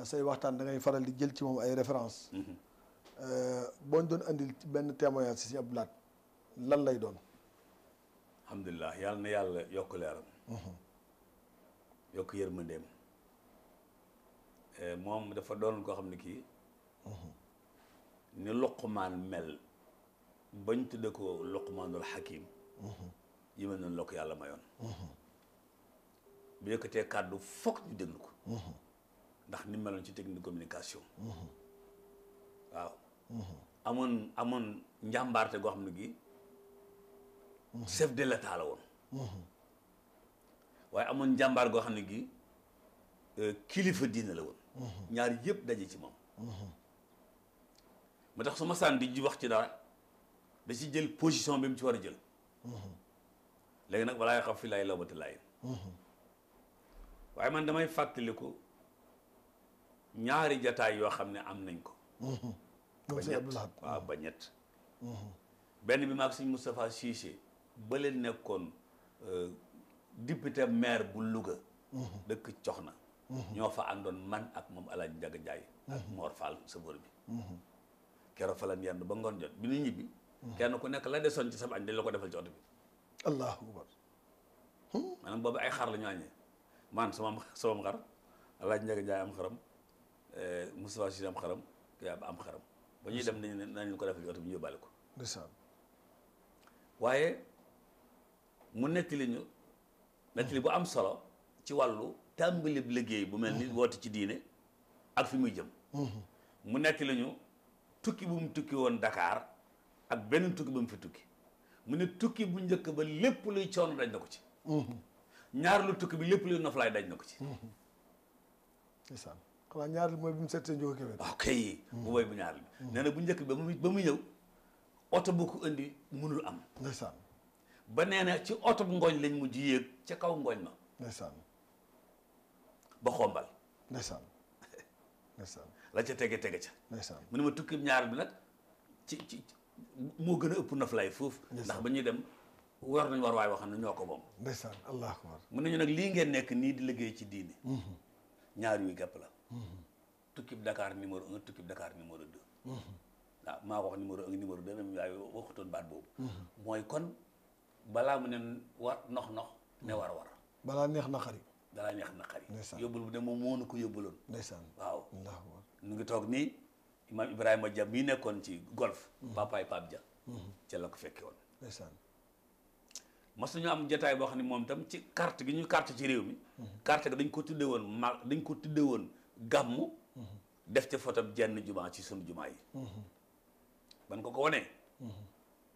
Euh, say waxtaan dangay faral di jël ci moom ay référence mhm. euh, boo ñu doon andil ci benn témoignage si ab laat lan lay doon alhamdulilah yàlla na yàlla yokk leeram mhm. yokk yërmandeem euh, moom dafa doon koo xam ne kii mhm. ni Luqmaan mel bañ tudde ko Luqmaanul Hakim yi mel noonu la yàlla mayoon bu yëkkatee kàddu foog ñu déglu ko ndax ni meloon ci technique de communication. Mhm. waaw. Mhm. amoon amoon njàmbaarte goo xam ne gi mhm. chef de l'état la woon. waaye amoon njàmbaar goo xam ne gi euh, kilifa diine la woon. ñaar yëpp daje ci moom. ma tax su ma saan di wax ci daal da ci jël position bi mu ci war a jël. léegi nag walla yoo xam fi laay lawbati laay. waaye man damay fàttaliku. ñaari jataay yoo xam ne am nañ ko. Mm-hmm. ba ñett waaw ba ñett. Mm-hmm. benn bi maag Serigne Moustapha Cissé ba leen nekkoon euh, député maire bu Louga. Mm-hmm. dëkk na ñoo fa àndoon man ak moom El Hadj Ndiaga Ndiaye. ak Mor Fall chauffeur bi. keroog fa lañ yendu ba ngoon jot bi kenn ku nekk la desoon ci sa añ ko defal ci oto bi. allahu hmm? maanaam boobu ay xar la sama sama xar El Hadj Ndiaga Ndiaye am xaram. Euh, Moustapha Cissé am xaram ba am xaram ba ñuy dem nañu nañu ko defal oto bi ñuy yóbbaale ko ndeysaan waaye mu nettali ñu nettali bu am solo ci wàllu tàmbalib liggéey bu mel ni mm-hmm. woote ci diine ak fi muy jëm mm-hmm. mu nettali ñu tukki bu mu tukki woon Dakar ak benn tukki bu mu fi tukki mu ne tukki bu njëkk ba lépp luy coono dañ na ko ci mm-hmm. ñaar lu tukki bi lépp luy noflaay dañ na ko ci ndeysaan xanaa ñaar mooy bi mu seetee Ndiogou Kébé. Ah, ok mu woy bu ñaar bi. Mm. nee bu njëkk bi ba muy ba muy ñëw oto bu ko indi mënul am. ndeysaan. ba nee na ci oto bu lañ mujj yéeg ca kaw ngooñ ma. ndeysaan. ba xombal. ndeysaan. la ca tege tege ca. ndeysaan mu ne ma tukki ñaar bi nag ci ci moo gën a ëpp naflaay foofu. ndax ba ñuy dem. war nañ war waay waxam ne ñoo ko moom. ndeysaan allah akbar. mun nañu nag lii ngeen nekk nii di liggéey ci diini. Mm-hmm. ñaar yooyu gépp la mm-hmm. tukkib Dakar numéro un tukkib mm-hmm. waaw maa wax numéro un numéro deux même waaye waxutoon baat boobu mm-hmm. mooy kon balaa mu ne war nox nox ne war war balaa neex na xari balaa neex na xari yóbbul bu ne moom moo nu ko yóbbuloon ndeysaan waaw nu ngi toog nii imaam Ibrahima Dia mii nekkoon ci golf papaay Pape Dia ca la ko fekke woon ndeysaan mas nañu am jataay boo xam ne moom itam ci carte gi ñu carte ci réew mi carte ga dañ ko tudde woon ma dañ ko tudde woon gàmmu mhm. def ca fotab jenn jumaa ci sunu jumaa yi mhm. ban ko ko wanee mhm.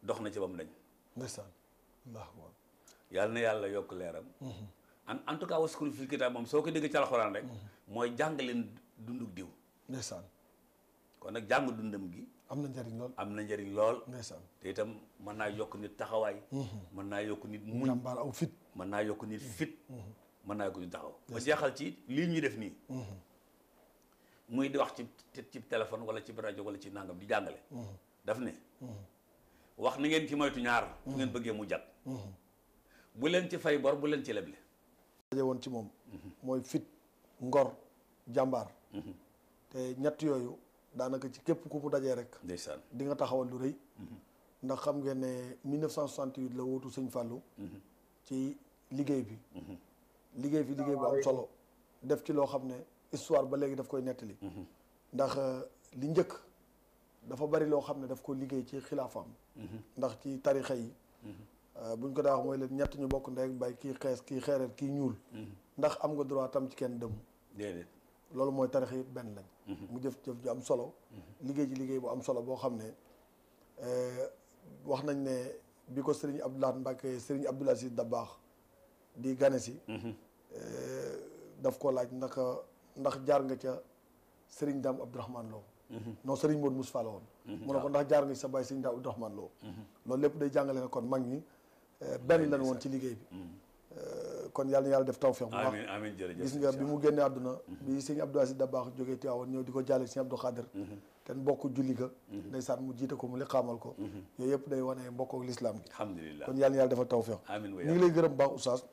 dox na ci ba mu dañ ndeysaan allahu yàlla na yàlla yokk leeram en en tout cas waskuru fil moom soo ko dégg ci alxuraan rek mooy jàng leen dunduk diw ndeysaan kon nag jàng dundam gi am na njariñ lool am na njariñ lool te itam mën naa yokk nit taxawaay mën naa yokk nit muñ mën naa yokk nit fit mën naa guñu taxaw ma jeexal ci lii ñuy def nii mhm. muy di wax ci ci téléphone wala ci rajo walla ci nangam di jàngale mhm. daf ne mhm. wax na ngeen ci moytu ñaar bu ngeen bëggee mu jag bu leen ci fay bor bu leen ci leble daje woon ci moom fit ngor jàmbaar te ñett yooyu daanaka ci képp ku mu dajee rek ndeysaan di nga taxawal lu rëy ndax xam ngeen ne 1968 la wootu sëñ Fallou ci liggéey bi liggéey fi liggéey bu am solo def ci loo xam ne histoire ba léegi daf koy nettali. ndax euh, li njëkk dafa bari loo xam ne daf ko liggéey ci xilaafam ndax ci tarixa yi. Euh, buñ ko daa wax mooy leen ñett ñu bokk ndey ak baay kii xees kii xeereer kii ñuul. ndax am nga droit tam ci kenn dem. loolu mooy tarixa yi benn lañ. mu jëf jëf ju am solo. liggéey ci liggéey bu am solo boo xam ne euh, wax nañ ne bi ko sëriñ Abdoulaye Mbacke sëriñ Abdoul Aziz baax di gane si mhm. eh, daf ko laaj naka ndax jaar nga ca Serigne Dame Abdourahmane Lo mhm. non Serigne Modou Moustapha woon mhm. mu ne ko ndax jaar nga ci sa baay Serigne Dame Abdourahmane loolu lépp day jàngale ne kon mag ñi eh, benn lan woon ci liggéey bi eh, kon yàlla na yàlla def tawfeex bi mu génnee àdduna bi sëñ Abdou Aziz Dabakh jógee Tiwaawan ñëw di ko jàlle sëñ Abdou Khadir kenn bokk julli ga ndeysaan mu jiite ko mu li xaamal ko yooyu yëpp day wane mbokk ak lislaam gi alhamdulilah kon yàlla